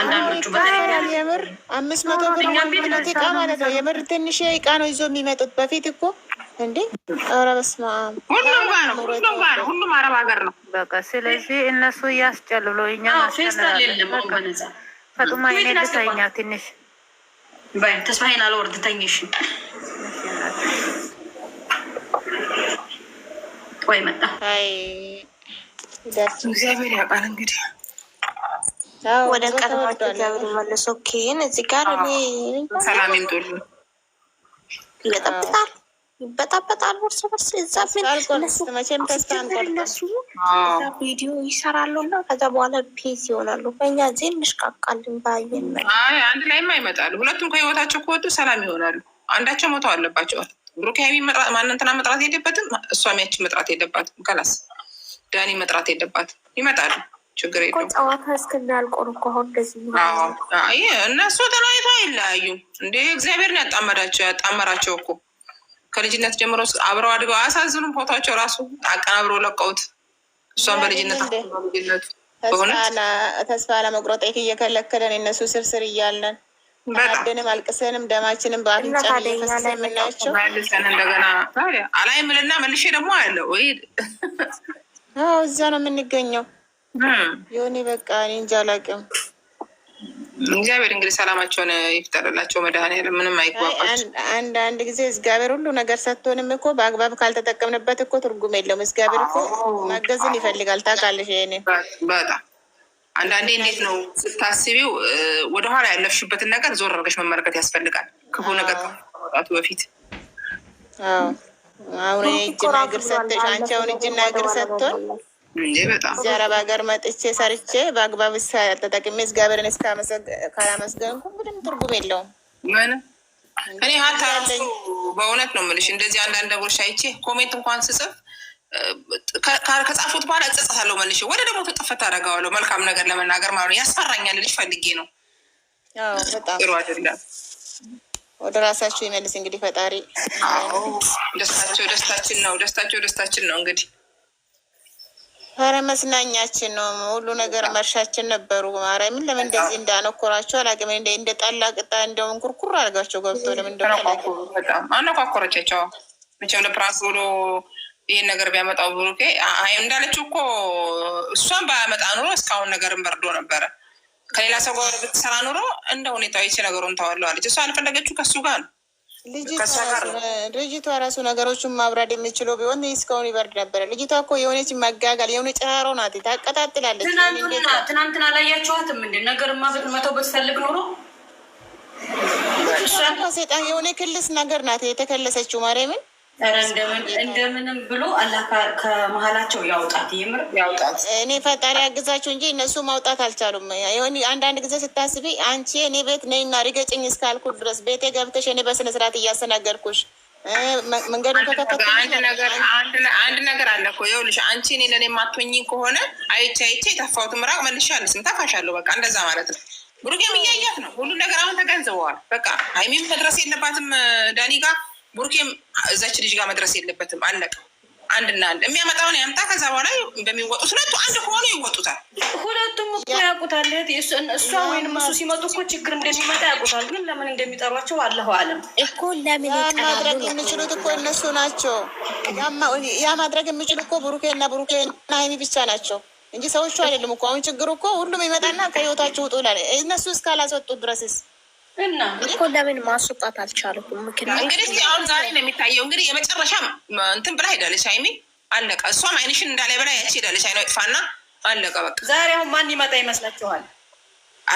አንዳንዶቹ የምር አምስት መቶ ብር እቃ ማለት ነው። የምር ትንሽ እቃ ነው ይዞ የሚመጡት። በፊት እኮ እንዴ ኧረ በስመ አብ ሁሉም አረብ ሀገር ነው። በቃ ስለዚህ እነሱ እያስጨልሎ እኛ ፈጡማ ይነልተኛ ትንሽ ተስፋዬን አልወርድ ተኝሽ ወይ መጣ እግዚአብሔር ያውቃል እንግዲህ ወደ ቀልባቸው እግዚአብሔር ይመልስ። ኦኬን እዚህ ጋር እኔ ሰላም ይምጡል ይበጠብጣል ይበጣበጣል እርስ በርስ እዛ ቪዲዮ ይሰራሉ እና ከዛ በኋላ ፒስ ይሆናሉ። በእኛ እንሽቃቃልን ባየን አንድ ላይማ ይመጣሉ። ሁለቱም ከህይወታቸው ከወጡ ሰላም ይሆናሉ። አንዳቸው ሞተው አለባቸው። ብሩክ ሀይሚ ማንንትና መጥራት የለበትም። እሷ ሚያችን መጥራት የለባትም። ከላስ ዳኒ መጥራት የለባትም። ይመጣሉ ችግር የለውም። ጨዋታ እስከሚያልቆር እኮ አሁን እንደዚህ እነሱ ተለያይቶ አይለያዩም እንዴ! እግዚአብሔርን ያጣመዳቸው ያጣመራቸው እኮ ከልጅነት ጀምሮ አብረው አድገው አያሳዝኑም። ፎቷቸው ራሱ አቀናብሮ ለቀውት እሷን በልጅነት ልጅነቱ ተስፋ ለመቁረጥ እየከለከለን እነሱ ስርስር እያለን አድንም አልቅሰንም ደማችንም በአፍንጫ ፈሰ የምናያቸው እንደገና አላይ ምልና መልሼ ደግሞ አለ ወይ እዛ ነው የምንገኘው። የሆነ በቃ እኔ እንጃ አላውቅም። እግዚአብሔር እንግዲህ ሰላማቸውን ይፍጠርላቸው። መድኃኒዓለም ምንም አይግባባቸው። አንድ ጊዜ እግዚአብሔር ሁሉ ነገር ሰጥቶንም እኮ በአግባብ ካልተጠቀምንበት እኮ ትርጉም የለውም። እግዚአብሔር እኮ ማገዝን ይፈልጋል። ታውቃለሽ ይሄኔ በጣም አንዳንዴ እንዴት ነው ስታስቢው ወደኋላ ያለፍሽበትን ነገር ዞር አድርገሽ መመልከት ያስፈልጋል። ክፉ ነገር ከመጣቱ በፊት አሁን እጅና እግር ሰጥተሽ አንቺ አሁን እጅና እግር ሰጥቶን እዚህ አረብ ሀገር መጥቼ ሰርቼ በአግባብ ተጠቅሜ እግዚአብሔርን ካላመስገንኩ ምንም ትርጉም የለውም። ምን እኔ ሀታ በእውነት ነው የምልሽ። እንደዚህ አንዳንድ ቦርሻ አይቼ ኮሜንት እንኳን ስጽፍ ከጻፉት በኋላ እጸጸታለሁ መልሼ ወደ ደግሞ ተጠፈት አደርገዋለሁ። መልካም ነገር ለመናገር ማለት ያስፈራኛል። ልጅ ፈልጌ ነው ጥሩ አይደለም። ወደ ራሳቸው ይመልስ እንግዲህ ፈጣሪ። ደስታቸው ደስታችን ነው። ደስታቸው ደስታችን ነው እንግዲህ ኧረ መዝናኛችን ነው ሁሉ ነገር መርሻችን ነበሩ። ማርያምን ለምን እንደዚህ እንዳነኮራቸው አላውቅም። እንደ እንደ ጣላ ቅጣ እንደውን ኩርኩር አድርጋቸው ገብቶ ለምን አነኳኮረቻቸው። መቼም ለፕራንክ ብሎ ይህን ነገር ቢያመጣው ብሩኬ እንዳለችው እኮ እሷን ባያመጣ ኑሮ እስካሁን ነገርን በርዶ ነበረ። ከሌላ ሰው ጋር ብትሰራ ኑሮ እንደ ሁኔታው ይቺ ነገሩን ተዋለዋለች። እሷ አልፈለገችው ከሱ ጋር ነው ልጅቷ ራሱ ነገሮችን ማብራድ የምችለው ቢሆን እስካሁን ይበርድ ነበረ። ልጅቷ እኮ የሆነች መጋጋል የሆነ ጭራሮ ናት፣ ታቀጣጥላለች። ትናንትና አላያችኋትም? ብትፈልግ ኖሮ ሴጣን የሆነ ክልስ ነገር ናት የተከለሰችው ማርያምን እንደምንም ብሎ አላህ ከመሀላቸው ያውጣት፣ የምር ያውጣት። እኔ ፈጣሪ ያግዛቸው እንጂ እነሱ ማውጣት አልቻሉም። ሆን አንዳንድ ጊዜ ስታስቢ አንቺ እኔ ቤት ነይና ርገጭኝ እስካልኩ ድረስ ቤቴ ገብተሽ እኔ በስነስርዓት እያስተናገርኩሽ መንገዱ አንድ ነገር አለ እኮ ይኸውልሽ፣ አንቺ እኔ ለእኔ የማትሆኝ ከሆነ አይቼ አይቼ የታፋሁት ምራቅ መልሼ አልስም ታፋሻለሁ። በቃ እንደዛ ማለት ነው። ብሩጌም እያያት ነው ሁሉ ነገር አሁን ተገንዝበዋል። በቃ አይሚም መድረስ የለባትም ዳኒ ጋር ቡርኬም እዛች ልጅ ጋር መድረስ የለበትም። አለቀ። አንድና አንድ የሚያመጣውን ያምጣ። ከዛ በኋላ በሚወጡ ሁለቱ አንድ ከሆኑ ይወጡታል። ሁለቱም እኮ ያውቁታል። እሷ ወይንም እሱ ሲመጡ እኮ ችግር እንደሚመጣ ያውቁታል። ግን ለምን እንደሚጠሯቸው አለሁ አለም እኮ ለምን ማድረግ የሚችሉት እኮ እነሱ ናቸው። ያ ማድረግ የሚችሉ እኮ ብሩኬና ብሩኬና ሀይሚ ብቻ ናቸው እንጂ ሰዎቹ አይደለም እኮ። አሁን ችግሩ እኮ ሁሉም ይመጣና ከህይወታቸው ውጡ ይላል። እነሱ እስካላስወጡት ድረስስ እኮ ለምን ማስወጣት አልቻለሁም? ምክንያት እንግዲህ አሁን ዛሬ ነው የሚታየው። እንግዲህ የመጨረሻ እንትን ብላ ሄዳለች ሃይሚ አለቀ። እሷም አይንሽን እንዳላይ ብላ ያች ሄዳለች። አይኗ ይጥፋና አለቀ በቃ። ዛሬ አሁን ማን ይመጣ ይመስላችኋል?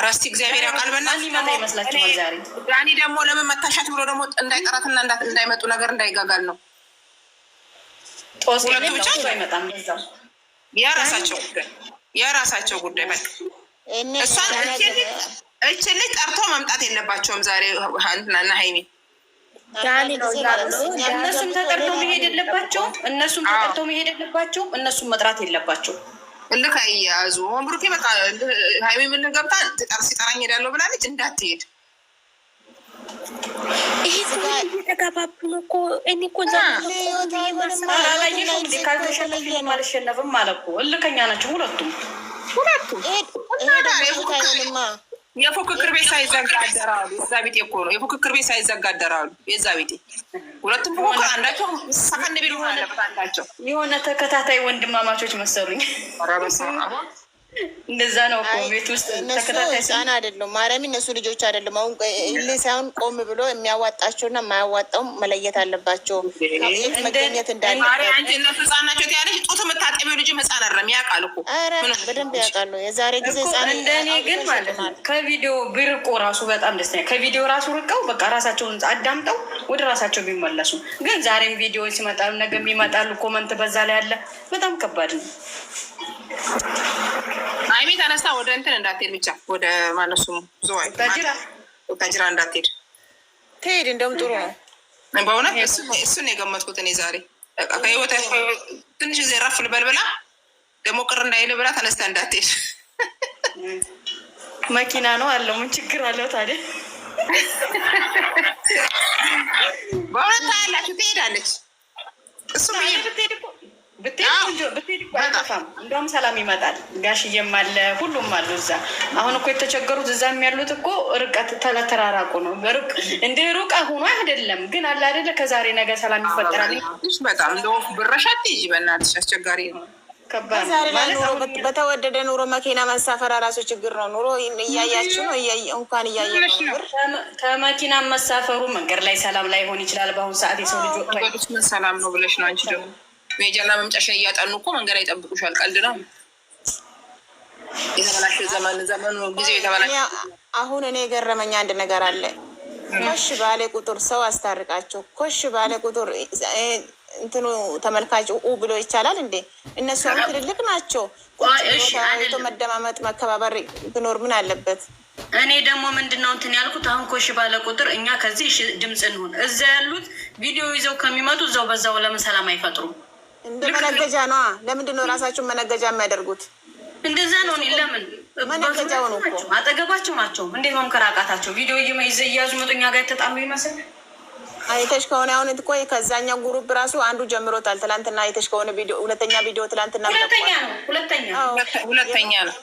አራስቲ እግዚአብሔር ያውቃል። በእናትህ ይመጣ ይመስላችኋል? ዛሬ ዳኒ ደግሞ ለምን መታሻት ብሎ ደግሞ እንዳይቀራትና እንዳይመጡ ነገር እንዳይጋጋል ነው። ሁለቱ ጉዳይ የራሳቸው ጉዳይ በቃ እሷን እች ልጅ ጠርቶ መምጣት የለባቸውም። ዛሬ ሀንትናና ሀይሚ እነሱም ተጠርቶ መሄድ የለባቸው እነሱም ተጠርቶ መሄድ የለባቸው እነሱም መጥራት የለባቸው። እልክ አያያዙ ብሩኬ በቃ ሀይሚ ምን ገብታ ጠር ሲጠራኝ ሄዳለሁ ብላለች እንዳትሄድ ይሄተጋባብኖ እኮ እኔ እኮ ካልተሸነፍም አልሸነፍም አለ እኮ እልከኛ ናቸው ሁለቱም ሁለቱም የፉክክር ቤት ሳይዘጋ አደራሉ። የዛ ቤቴ እኮ ነው። የፉክክር ቤት ሳይዘጋ አደራሉ። የዛ ቤቴ ሁለቱም ፉክክር አንዳቸው ሳን ሆነ አንዳቸው የሆነ ተከታታይ ወንድማማቾች መሰሉኝ። እንደዛ ነው እኮ ቤት ውስጥ ተከታታይ ህፃን አይደለም። ማርያም እነሱ ልጆች አይደለም። አሁን እልህ ሳይሆን ቆም ብሎ የሚያዋጣቸውና የማያዋጣው መለየት አለባቸው። የት መገኘት እንዳለ ማሚ ያውቃል እኮ በደንብ ያውቃሉ። የዛሬ ጊዜ እንደኔ ግን ማለት ነው ከቪዲዮ ብርቆ ራሱ በጣም ደስተኛ ከቪዲዮ ራሱ ርቀው በቃ ራሳቸውን አዳምጠው ወደ ራሳቸው ቢመለሱ ግን ዛሬም ቪዲዮ ሲመጣሉ ነገ ይመጣሉ። ኮመንት በዛ ላይ አለ። በጣም ከባድ ነው። አይሜ ተነሳ ወደ እንትን እንዳትሄድ ብቻ ወደ ማነሱ ዝዋይ ታጅራ እንዳትሄድ ትሄድ እንደውም ጥሩ ነው። በእውነት እሱን የገመትኩት እኔ ዛሬ ከህይወት ትንሽ ዜ ረፍ ልበል ደግሞ ቅር እንዳይል ብላ ተነስታ እንዳትሄድ መኪና ነው አለው። ምን ችግር አለው ታዲያ? በእውነት ታያላችሁ፣ ትሄዳለች። እሱም ብትሄድ እንደውም ሰላም ይመጣል። ጋሽዬም አለ፣ ሁሉም አሉ እዛ። አሁን እኮ የተቸገሩት እዛም ያሉት እኮ ርቀት ተለተራራቁ ነው። ሩቅ እንደ ሩቅ ሆኖ አይደለም ግን አለ አይደለ? ከዛሬ ነገ ሰላም ይፈጠራል። በጣም ብረሻ ትይጂ፣ በእናትሽ አስቸጋሪ ነው። ከባድ በተወደደ ኑሮ መኪና መሳፈር ራሱ ችግር ነው። ኑሮ እያያችሁ ነው፣ እንኳን እያየ ከመኪና መሳፈሩ መንገድ ላይ ሰላም ላይ ሆን ይችላል። በአሁኑ ሰዓት የሰው ልጅ ሰላም ነው ብለሽ ነው አንቺ ደግሞ ሜጀና መምጫሻ እያጠኑ እኮ መንገድ አይጠብቁሻል። ቀልድ ነው። የተበላሸ ዘመን ዘመኑ ጊዜው የተበላሸ አሁን እኔ የገረመኝ አንድ ነገር አለ። ኮሽ ባለ ቁጥር ሰው አስታርቃቸው ኮሽ ባለ ቁጥር እንትኑ ተመልካች ኡ ብሎ ይቻላል እንዴ? እነሱ ትልልቅ ናቸው። ቁጭ መደማመጥ መከባበር ብኖር ምን አለበት? እኔ ደግሞ ምንድን ነው እንትን ያልኩት አሁን ኮሽ ባለ ቁጥር እኛ ከዚህ ድምፅ እንሆን እዛ ያሉት ቪዲዮ ይዘው ከሚመጡ እዛው በዛው ለምን ሰላም አይፈጥሩም? እንደ መነገጃ ነዋ። ለምንድን ነው ራሳቸውን መነገጃ የሚያደርጉት? እንደዛ ነው። ለምን መነገጃው ነው እኮ አጠገባቸው ናቸው። እንዴት መምከር አቃታቸው? ቪዲዮ እያዙ መጡ እኛ ጋር የተጣሉ ይመስል አይተሽ ከሆነ አሁን ቆይ፣ ከዛኛው ጉሩብ ራሱ አንዱ ጀምሮታል። ትላንትና አይተሽ ከሆነ ቪዲዮ፣ ሁለተኛ ቪዲዮ ትላንትና፣ ሁለተኛ ነው፣ ሁለተኛ ሁለተኛ ነው።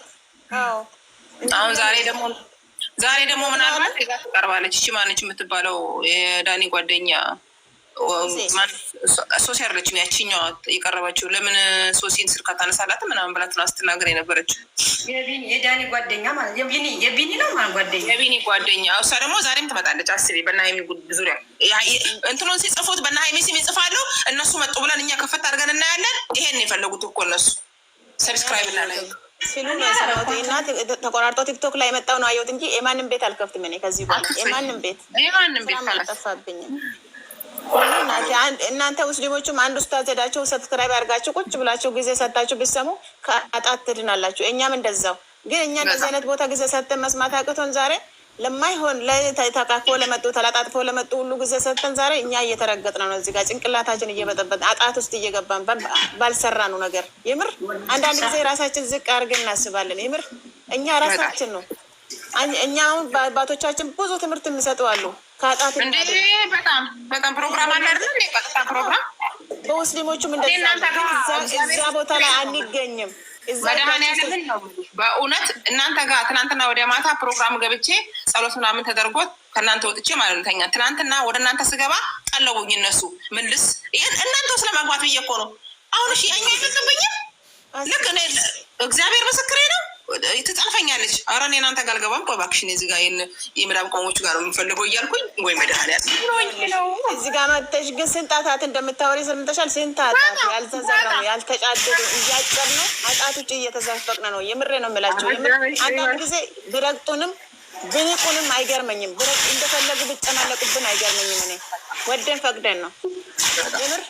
አሁን ዛሬ ደግሞ ዛሬ ደግሞ ምናልባት ቀርባለች። እቺ ማነች የምትባለው የዳኒ ጓደኛ ሶሲ አይደለችም ያቺኛዋ የቀረበችው። ለምን ሶሲን ስልክ አታነሳላትም ምናምን ብላት ነው ስትናገር የነበረችው። የዳኒ ጓደኛ ማለት የቢኒ ነው ማለት ጓደኛ፣ የቢኒ ጓደኛ። እሷ ደግሞ ዛሬም ትመጣለች። አስቤ በና ሀይሚ ዙሪያ እንትኖን ሲጽፉት በና ሀይሚ ስም ይጽፋለሁ። እነሱ መጡ ብለን እኛ ከፈት አድርገን እናያለን። ይሄን የፈለጉት እኮ እነሱ ሰብስክራይብ እና ላይ ተቆራርጦ ቲክቶክ ላይ የመጣው ነው አየሁት እንጂ የማንም ቤት አልከፍትም እኔ ከዚህ በኋላ የማንም ቤት የማንም ቤት አልጠፋብኝም። እናንተ ሙስሊሞችም አንድ ኡስታዝ ሄዳችሁ ሰብስክራይብ አድርጋችሁ ቁጭ ብላችሁ ጊዜ ሰጣችሁ ብሰሙ ከአጣት ትድናላችሁ። እኛም እንደዛው። ግን እኛ እንደዚህ አይነት ቦታ ጊዜ ሰጥተን መስማት አቅቶን ዛሬ ለማይሆን ተቃቅፎ ለመጡ ተላጣጥፎ ለመጡ ሁሉ ጊዜ ሰጥተን ዛሬ እኛ እየተረገጥን ነው። እዚህ ጋር ጭንቅላታችን እየበጠበጥን አጣት ውስጥ እየገባን ባልሰራ ነው ነገር። የምር አንዳንድ ጊዜ ራሳችን ዝቅ አድርገን እናስባለን። የምር እኛ ራሳችን ነው። እኛ አሁን በአባቶቻችን ብዙ ትምህርት የሚሰጡ አሉ። በጣም በእውነት እናንተ ጋር ትናንትና ወደ ማታ ፕሮግራም ገብቼ ጸሎት ምናምን ተደርጎ ከእናንተ ወጥቼ ማለት ትናንትና ወደ እናንተ ስገባ እነሱ ምልስ እናንተ ውስጥ ለመግባት ብዬ እኮ ነው። አሁን እሺ እኛ ልክ እግዚአብሔር ምስክሬ ነው። ትታፈኛለች። ኧረ እኔ እናንተ ጋር አልገባም እኮ እባክሽን፣ እዚህ ጋር የምዕራብ ቆሞች ጋር ነው የምፈልገው እያልኩኝ ወይ መድኃኒያ እዚህ ጋር መተሽ ግን ስንት አታት እንደምታወሪ ሰምተሻል። ስንት አታት ያልተዘራ ያልተጫደዱ እያጨር ነው አጣት ውጭ እየተዘፈቅነ ነው። የምሬ ነው የምላቸው። አንዳንድ ጊዜ ብረቅጡንም ብንቁንም አይገርመኝም። ብረቅ እንደፈለጉ ብጨማለቁብን አይገርመኝም። እኔ ወደን ፈቅደን ነው የምር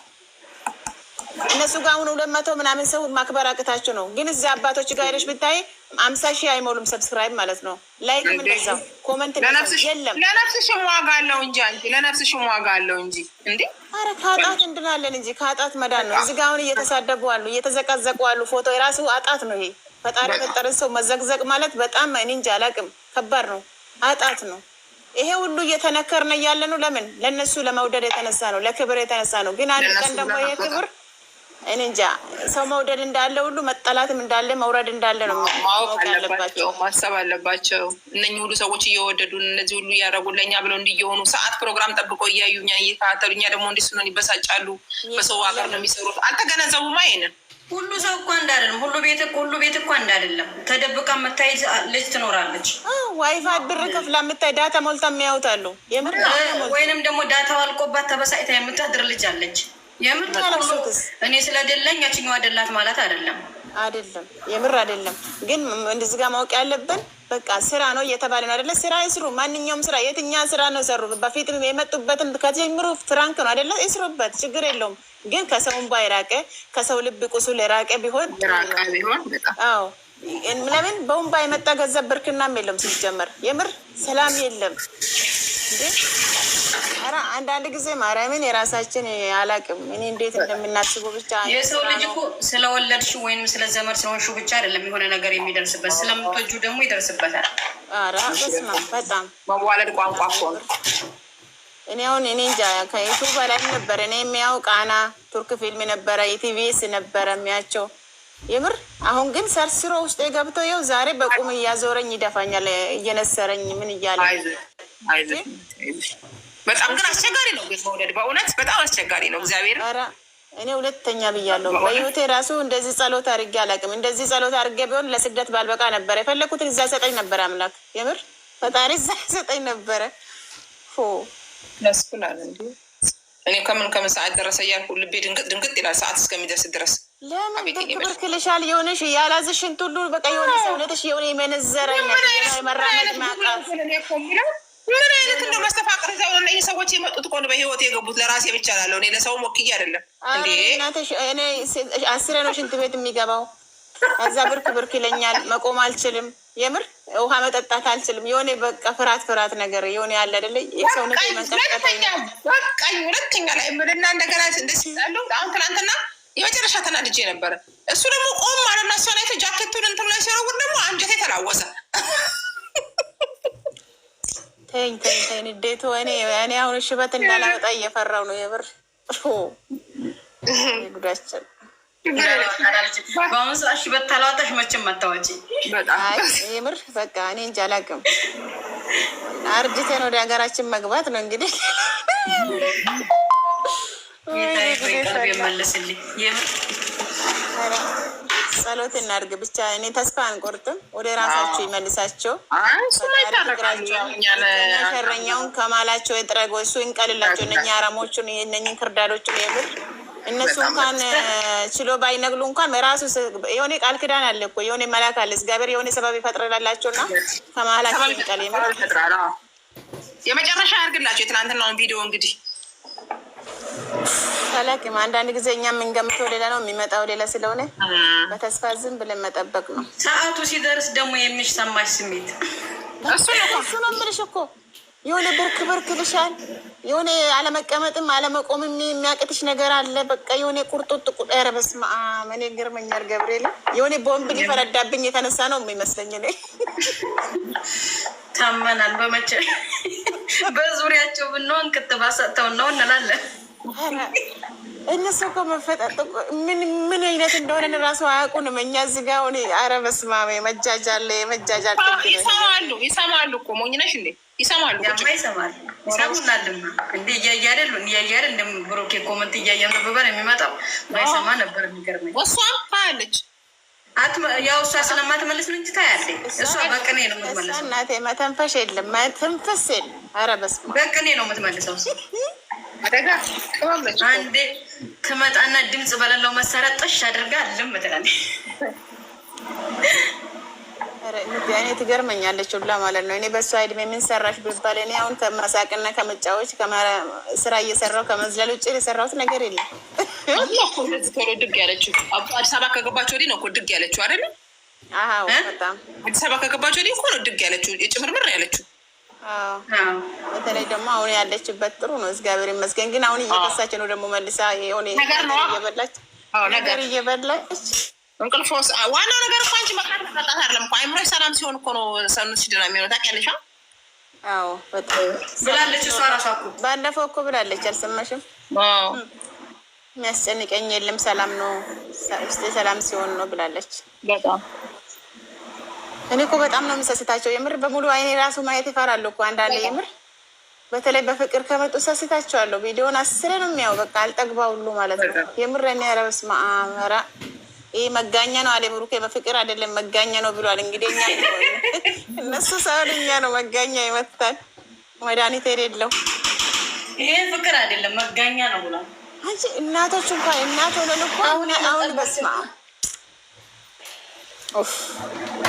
እነሱ ጋር አሁን ሁለት መቶ ምናምን ሰው ማክበር አቅታችሁ ነው። ግን እዚህ አባቶች ጋር ሄደሽ ብታይ አምሳ ሺህ አይሞሉም ሰብስክራይብ ማለት ነው። ላይክ እንደዛው ኮመንት የለም። ለነፍስሽም ዋጋ አለው እንጂ አንቺ ለነፍስሽም ዋጋ አለው እንጂ እንዴ! አረ ከአጣት እንድናለን እንጂ ከአጣት መዳን ነው። እዚህ ጋር አሁን እየተሳደቡ አሉ፣ እየተዘቀዘቁ አሉ። ፎቶ የራሱ አጣት ነው ይሄ። ፈጣሪ የፈጠረን ሰው መዘቅዘቅ ማለት በጣም እኔ እንጃ አላቅም፣ ከባድ ነው፣ አጣት ነው። ይሄ ሁሉ እየተነከርን እያለ ነው። ለምን ለእነሱ ለመውደድ የተነሳ ነው፣ ለክብር የተነሳ ነው። ግን አንድ ቀን ደግሞ ይሄ ክብር እኔ እንጃ ሰው መውደድ እንዳለ ሁሉ መጠላትም እንዳለ መውረድ እንዳለ ነው ማወቅ አለባቸው፣ ማሰብ አለባቸው። እነኚህ ሁሉ ሰዎች እየወደዱን እነዚህ ሁሉ እያደረጉ ለእኛ ብለው እንዲየሆኑ ሰዓት ፕሮግራም ጠብቆ እያዩኛ እየተካተሉ እኛ ደግሞ እንዲ ስኖን ይበሳጫሉ። በሰው ሀገር ነው የሚሰሩት። አልተገነዘቡማ ይሄንን ሁሉ ሰው እኮ እንዳለም ሁሉ ቤት ሁሉ ቤት እኮ እንዳለም ተደብቃ የምታይ ልጅ ትኖራለች። ዋይፋ ብር ከፍላ የምታይ ዳታ ሞልታ የሚያውታሉ ወይንም ደግሞ ዳታ አልቆባት ተበሳጭታ የምታድር ልጅ አለች። የምር እኔ ስለደላኝ ያችኛዋ አደላት ማለት አይደለም አይደለም የምር አይደለም። ግን እንደዚህ ጋር ማወቅ ያለብን በቃ ስራ ነው እየተባለ ነው አደለ? ስራ ይስሩ፣ ማንኛውም ስራ የትኛ ስራ ነው ሰሩ። በፊት የመጡበትም ከጀምሩ ፍራንክ ነው አደለ? ይስሩበት፣ ችግር የለውም። ግን ከሰው ባ የራቀ ከሰው ልብ ቁስል የራቀ ቢሆን ቢሆን ለምን በእንባ የመጣ ገንዘብ ብርክናም የለም ሲጀመር፣ የምር ሰላም የለም። ኧረ አንዳንድ ጊዜ ማርያምን የራሳችን አላቅም። እኔ እንዴት እንደምናስቡ ብቻ የሰው ልጅ እኮ ስለወለድሽ ወይም ስለ ዘመድ ስለሆንሹ ብቻ አይደለም የሆነ ነገር የሚደርስበት ስለምትወጁ ደግሞ ይደርስበታል። ኧረ በስመ አብ በጣም መዋለድ ቋንቋ እኮ ነው። እኔ አሁን እኔ እንጃ ከዩቱብ በላይ ነበረ እኔ የሚያው ቃና ቱርክ ፊልም ነበረ የቲቪኤስ ነበረ የሚያቸው የምር አሁን ግን ሰርስሮ ውስጥ የገብተው ይኸው ዛሬ በቁም እያዞረኝ ይደፋኛል እየነሰረኝ ምን እያለ በጣም ግን አስቸጋሪ ነው ቤት መውለድ፣ በእውነት በጣም አስቸጋሪ ነው። እግዚአብሔር እኔ ሁለተኛ ብያለሁ። በህይወቴ ራሱ እንደዚህ ጸሎት አድርጌ አላውቅም። እንደዚህ ጸሎት አድርጌ ቢሆን ለስደት ባልበቃ ነበረ። የፈለግኩትን እዛ ሰጠኝ ነበረ አምላክ፣ የምር ፈጣሪ እዛ ሰጠኝ ነበረ። ያስኩላል እንዲ እኔ ከምን ከምን ሰዓት ደረሰ እያልኩ ልቤ ድንግጥ ድንግጥ ይላል ሰዓት እስከሚደርስ ድረስ ለምን ክልሻል የሆነሽ ያላዝሽን ሁሉ በቃ የሆነ ሰውነትሽ የሆነ የመነዘረ መራመድ ማቃት ምን አይነት እንደ መስተፋቅር እዚያው ይህ ሰዎች የመጡት እኮ በህይወት የገቡት ለራሴ ብቻ ላለው እኔ ለሰው ሞክዬ አይደለም። እኔ አስሬ ነው ሽንት ቤት የሚገባው። ከዛ ብርክ ብርክ ይለኛል። መቆም አልችልም። የምር ውሃ መጠጣት አልችልም። የሆነ በቃ ፍርሃት ፍርሃት ነገር የሆነ ያለ አደለ ሰውነት መንቀጥቀጠኝ ሁለተኛ ላይ ምልና እንደገና እንደስ ያለው አሁን ትናንትና የመጨረሻ ተናድጄ ነበረ። እሱ ደግሞ ቆም ማለት ናሰናይቶ ጃኬቱን እንትን ላይ ሲያረጉት ደግሞ አንጀቴ ተላወሰ። ተኝ ተኝ ተኝ ንዴቱ። እኔ እኔ አሁን ሽበት እንዳላመጣ እየፈራው ነው የብር ጉዳችን በአሁኑ ሰዓት ሽበት ታላወጣሽ መቼም አታዋጪ። የምር በቃ እኔ እንጃ አላውቅም። አርጅተን ወደ ሀገራችን መግባት ነው እንግዲህ ይመለስልኝ ጸሎት እናድርግ ብቻ። እኔ ተስፋ አንቆርጥም። ወደ ራሳቸው ይመልሳቸው። ሸረኛውን ከማላቸው የጥረግ እሱ ይንቀልላቸው። እነ አረሞቹን እነ ክርዳዶቹን የምር እነሱ እንኳን ችሎ ባይነግሉ እንኳን ራሱ የሆነ ቃል ክዳን አለ እኮ የሆነ መላክ አለ። እግዚአብሔር የሆነ ሰበብ ይፈጥርላቸው እና ከማላቸው ይቀል የመጨረሻ ያርግላቸው። የትናንትናውን ቪዲዮ እንግዲህ አላውቅም። አንዳንድ ጊዜ እኛ የምንገምተው ሌላ ነው የሚመጣው ሌላ ስለሆነ በተስፋ ዝም ብለን መጠበቅ ነው። ሰዓቱ ሲደርስ ደግሞ የሚሰማሽ ስሜት እሱ ነው የምልሽ እኮ የሆነ ብርክ ብርክ ልሻል የሆነ አለመቀመጥም አለመቆምም የሚያቅትሽ ነገር አለ። በቃ የሆነ ቁርጡጥ ቁጠር። በስመ አብ እኔ ግርመኛል። ገብርኤል የሆነ ቦምብ ሊፈረዳብኝ የተነሳ ነው የሚመስለኝ። እኔ ታመናል። በመቼ በዙሪያቸው ብንሆን ክትባት ሰጥተውን ነው እንላለን። እነሱ እኮ መፈጠጥ ምን አይነት እንደሆነ ራሱ አያውቁንም። እኛ እዚህ ጋ ሆነ አረ በስመ አብ መጃጃል ይሰማሉ ይሰማሉ እኮ ሞኝ ነሽ እንዴ? ይሰማሉ ይሰማሉ ይሰሙናልም እንዴ እያየ አይደሉ እያየ አይደል እንደ ብሮኬ ኮመንት እያየ ነበር የሚመጣው ባይሰማ ነበር የሚገርመኝ። እሷ ታያለች ያው እሷ ስለማትመልስ እንጂ ታያለች። እሷ በቅኔ ነው የምትመልሰው። እናቴ መተንፈሽ የለም መተንፈስ የለም። አረ በስመ አብ በቅኔ ነው የምትመልሰው አንዴ ትመጣና ድምፅ በሌለው መሰረት ጥሽ አድርጋ ልም ትላለች። እኔ ትገርመኛለች ሁላ ማለት ነው። እኔ በእሷ እድሜ ምን ሰራሽ ብባል እኔ አሁን ከመሳቅና ከመጫዎች ስራ እየሰራው ከመዝለል ውጭ የሰራሁት ነገር የለም። ድግ ያለችው አዲስ አበባ ከገባች ወዲህ ነው እኮ ድግ ያለችው አይደለም? አዲስ አበባ ከገባች ወዲህ እኮ ነው ድግ ያለችው የጭምርምር ያለችው በተለይ ደግሞ አሁን ያለችበት ጥሩ ነው፣ እግዚአብሔር ይመስገን። ግን አሁን እየከሳች ነው ደግሞ መልሳ የሆነ እየበላች ነገር እየበላች እንቅልፍ ዋናው ነገር እኮ አንቺ መቅረት መጠጣት አይደለም እኮ አይምሮች ሰላም ሲሆን እኮ ነው ሰኑት ሲድና የሚሆነው ታውቂያለሽ። አዎ ብላለች እሷ እራሷ ባለፈው እኮ ብላለች፣ አልሰማሽም? የሚያስጨንቀኝ የለም ሰላም ነው፣ ሰላም ሲሆን ነው ብላለች በጣም እኔ እኮ በጣም ነው የምሰስታቸው የምር በሙሉ አይኔ ራሱ ማየት ይፈራሉ እኮ አንዳንድ የምር በተለይ በፍቅር ከመጡ ሰስታቸዋለሁ። ቪዲዮን አስረ ነው የሚያው በቃ አልጠግባ ሁሉ ማለት ነው የምር እኔ ኧረ በስመ አብ ኧረ ይህ መጋኛ ነው አለ ብሩኬ። በፍቅር አይደለም መጋኛ ነው ብሏል። እንግዲህ እኛ እነሱ ሳይሆን እኛ ነው መጋኛ ይመታል። መድኃኒት የሌለው ይሄ ፍቅር አይደለም መጋኛ ነው ብሏል። አንቺ እናቶች እንኳን እናት ሆነን እኮ አሁን አሁን በስመ አብ ምንም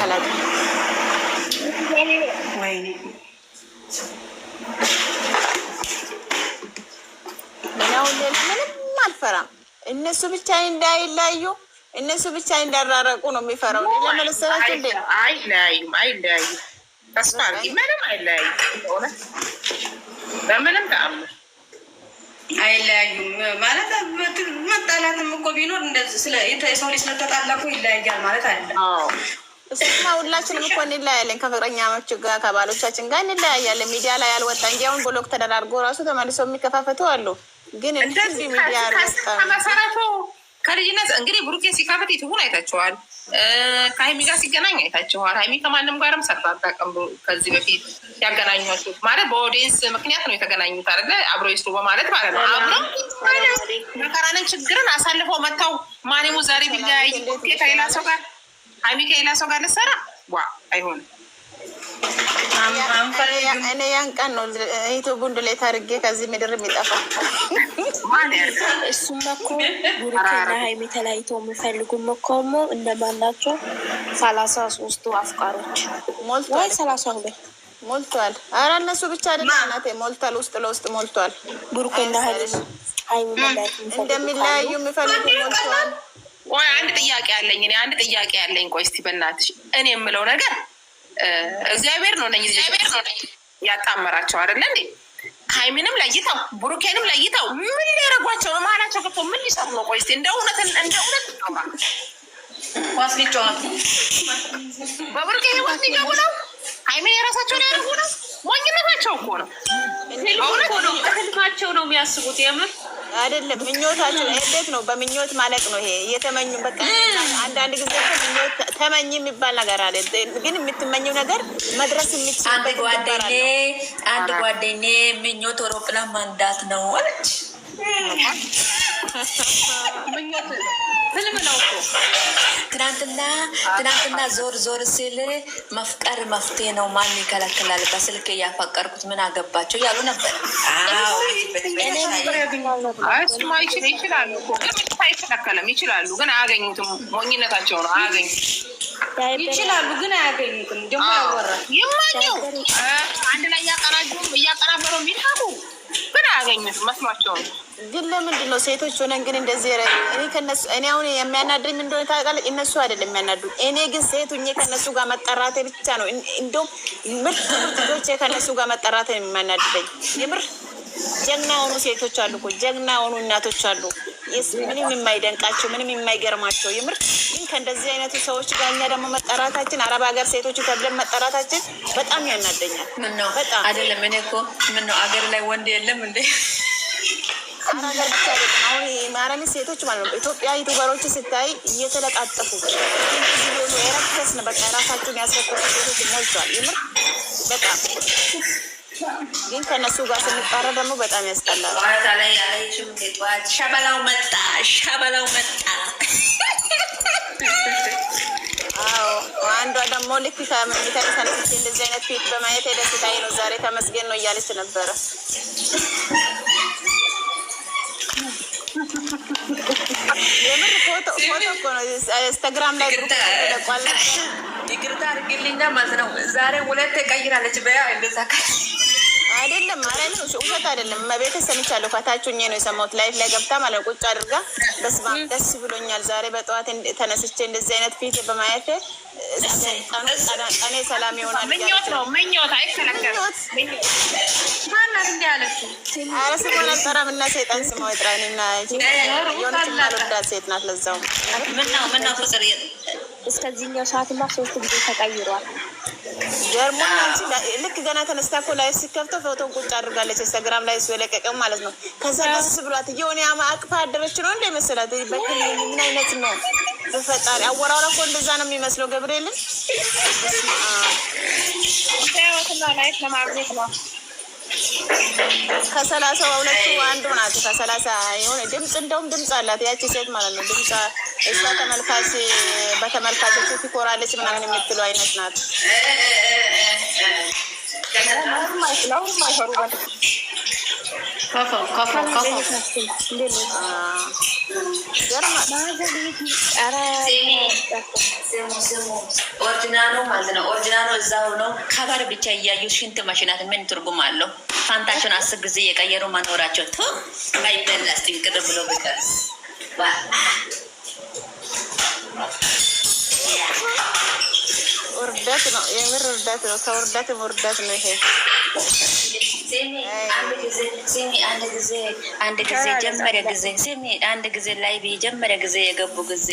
አልፈራም። እነሱ ብቻ እንዳይለያዩ እነሱ ብቻ እንዳራረቁ ነው የሚፈራው። ለመለሰላቸው እንደ አይለያዩም አይለያዩም። ተስፋ ምንም አይለያዩም። በምንም ተአምር አይለያዩም ማለት መጣላትም እኮ ቢኖር የሰው ልጅ ስለተጣላ እኮ ይለያያል ማለት አለ። እሱማ ሁላችንም እኮ እንለያያለን። መች ጋር ከባሎቻችን ጋር እንለያያለን። ሚዲያ ላይ ያልወጣ እንጂ አሁን ብሎክ ተደራርጎ ራሱ ተመልሶ የሚከፋፈቱ አሉ። ግን ሚዲያ ያልወጣ ከልጅነት እንግዲህ ብሩኬ ሲከፍት ዩቱቡን አይታችኋል። ከሀይሚ ጋር ሲገናኝ አይታችኋል። ሀይሚ ከማንም ጋርም ሰርታ አታውቅም ከዚህ በፊት ያገናኟቸው ማለት በኦዲየንስ ምክንያት ነው የተገናኙት አይደለ? አብሮ ይስሩ በማለት ማለት ነው። አብሮ መከራንን ችግርን አሳልፎ መጥተው ማኔሙ ዛሬ ቢለያይ ከሌላ ሰው ጋር ሀይሚ ከሌላ ሰው ጋር ልትሰራ ዋ አይሆንም። እኔ ያን ቀን ነው ዩቱብ ጉንድ ላይ ታርጌ ከዚህ ምድር የሚጠፋ። እሱማ እኮ ብሩክና ሀይሚ ተለያይተው የሚፈልጉም እኮ ሞ እነማን ናቸው? ሰላሳ ሶስቱ አፍቃሮች ወይ ሰላሳ ሁለት ሞልቷል። አረ እነሱ ብቻ አይደለም እናቴ ሞልቷል። ውስጥ ለውስጥ ሞልቷል። ብሩክና ሀይሚ እንደሚለያዩ የሚፈልጉ ሞልቷል። አንድ ጥያቄ አለኝ እኔ አንድ ጥያቄ አለኝ። ቆይ እስቲ በእናትሽ እኔ የምለው ነገር እግዚአብሔር ነው ነኝ እግዚአብሔር ነው ነኝ ያጣመራቸው አይደለ እንዴ? ሀይሚንም ለይተው ብሩኬንም ለይተው ምን ሊያደርጓቸው ነው? መሀላቸው ገብቶ ምን ሊሰሩ ነው? ቆይስ እንደ እውነት እንደ እውነት ኳስ ሊጫወቱ በብሩኬ ህይወት ሊገቡ ነው። ሀይሚን የራሳቸውን ያደርጉ ነው። ሞኝነታቸው እኮ ነው። ህልማቸው ነው የሚያስቡት የምር አይደለም ምኞታችን እንዴት ነው? በምኞት ማለቅ ነው። ይሄ እየተመኙ በቃ አንዳንድ ጊዜ ምኞት ተመኝ የሚባል ነገር አለ። ግን የምትመኘው ነገር መድረስ የሚችል አንድ ጓደኔ አንድ ጓደኔ ምኞት አውሮፕላን መንዳት ነው አለች። ትናንትና ትናንትና ዞር ዞር ሲል መፍቀር መፍትሄ ነው ማን ይከለክላል? በስልክ እያፈቀርኩት ምን አገባቸው ያሉ ነበር። አይከለከልም። ይችላሉ ግን አያገኙትም። ሞኝነታቸው ነው። አያገኙት ይችላሉ ግን አያገኙትም። ደግሞ ያወራ ይማኘው አንድ ላይ እያቀራጁም እያቀራበረው የሚናቁ አያገኙት መስሏቸው ግን ለምንድን ነው ሴቶች ሆነን ግን እንደዚህ? እኔ ከነሱ እኔ አሁን የሚያናድርኝ እንደሆነ ታውቃለህ፣ እነሱ አይደለም የሚያናዱ። እኔ ግን ሴቱ እኔ ከነሱ ጋር መጠራቴ ብቻ ነው። እንደውም ምርት ምርጥ ልጆች ከነሱ ጋር መጠራቴ የሚያናድረኝ የምር ጀግና የሆኑ ሴቶች አሉ እኮ ጀግና የሆኑ እናቶች አሉ ምንም የማይደንቃቸው ምንም የማይገርማቸው የምር ግን ከእንደዚህ አይነቱ ሰዎች ጋር እኛ ደግሞ መጠራታችን አረብ ሀገር ሴቶቹ ተብለን መጠራታችን በጣም ያናደኛል። ምነው በጣም አይደለም። እኔ እኮ ምነው አገር ላይ ወንድ የለም እንዴ? ሀገር ማረሚ ሴቶች ማለት ነው ኢትዮጵያ ዩቱበሮች ስታይ እየተለጣጠፉ ሆኑ ኤረክተስ በቃ የራሳቸውን ያስፈጠሩ ሴቶች ሞልቷል። ይምር በጣም ግን ከእነሱ ጋር ስንቃረብ ደግሞ በጣም ያስጠላል። ጠዋታ ላይ ያለችም ጠዋት ሸበላው መጣ፣ ሸበላው መጣ። አዎ አንዷ ደግሞ ልክ ከመኝታ ተነስቼ እንደዚህ አይነት ፊት በማየት ደስታዬ ነው ዛሬ ተመስገን ነው እያለች ነበረ። የምር ፎቶ እኮ ነው ኢንስታግራም ላይ ይቅርታ አድርግልኝና ማለት ነው ዛሬ ሁለት ቀይራለች በያ እንደዛ አይደለም ማርያምን፣ ውሸት አይደለም። መቤት ሰምቻለሁ። ከታች ሆኜ ነው የሰማሁት። ላይፍ ላይ ገብታ ማለት ቁጭ አድርጋ በስመ አብ ደስ ብሎኛል። ዛሬ በጠዋት ተነስቼ እንደዚህ አይነት ፊት በማየት ቀኔ ሰላም ይሆናል። ምኞት ነው ምኞት አይከለከልም። ኧረ ስሙን አልጠራም እና ሰይጣን ስማ ወጥራ ሆነች የማልወዳት ሴት ናት። ለዛውም ምነው ምነው ፍቅር እስከዚህኛው ሰዓትማ ሶስት ጊዜ ተቀይሯል። ገርሞኝ አንቺ ልክ ገና ተነስታ እኮ ላይ ሲከፍተው ፎቶ ቁጭ አድርጋለች ኢንስታግራም ላይ እሱ ማለት ነው። ከዛ ደስ ብሏት እየሆነ ያማ አቅፋ አደረች ነው እንደ መሰላት በክል ምን አይነት ነው በፈጣሪ አወራወራ እኮ እንደዛ ነው የሚመስለው። ገብርኤልን ማየት ለማግኘት ነው ከሰላሳ ሁለቱ አንዱ ናት። ከሰላሳ የሆነ ድምፅ እንደውም ድምፅ አላት ያቺ ሴት ማለት ነው። ድምፅ እሷ ተመልካች በተመልካቾቹ ትኮራለች ምናምን የምትለው አይነት ናት። ኦርዲናኖ ማለት ነው። ኦርዲናኖ እዛ ሆነው ከበር ብቻ እያዩ ሽንት መሽናት ምን ትርጉም አለው? ፋንታቸውን አስር ጊዜ እየቀየሩ መኖራቸው ቶ አይበላስ ጥንቅር ብሎ ብቀር እርዳት ነው፣ የምር እርዳት ነው። ሰው እርዳት መርዳት ነው ይሄ። አንድ ጊዜ ላይ የጀመሪያ ጊዜ የገቡ ጊዜ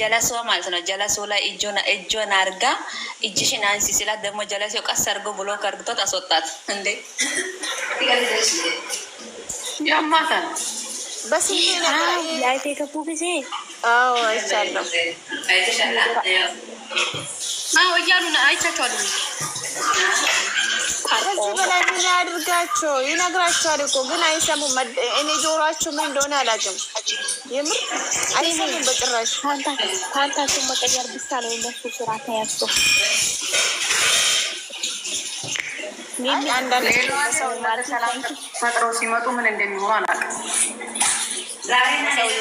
ጀላሶ ማለት ነው። ጀላሶ ላይ እጆን አርጋ እጅሽን አንሲ ሲላት ደግሞ ጀላሶ ቀስ አርጎ ብሎ ከርግቶት አስወጣት። እንዴ ያማታ ላይ የገቡ ጊዜ አይቻለሁ። እያሉ አይቻቸዋል። ከዚህ በላይ ምን ያድርጋቸው? ይነግራቸዋል እኮ ግን አይሰሙም። እኔ ጆሯችሁ ምን እንደሆነ አላውቅም። የምር አይሰሙም በጭራሽ። ታንታቸው መቀየር ብቻ ነው የነሱ ስራ። ተያዝቶ አንዳንድ ሰው ማለት ሲመጡ ምን እንደሚሆኑ አላውቅም።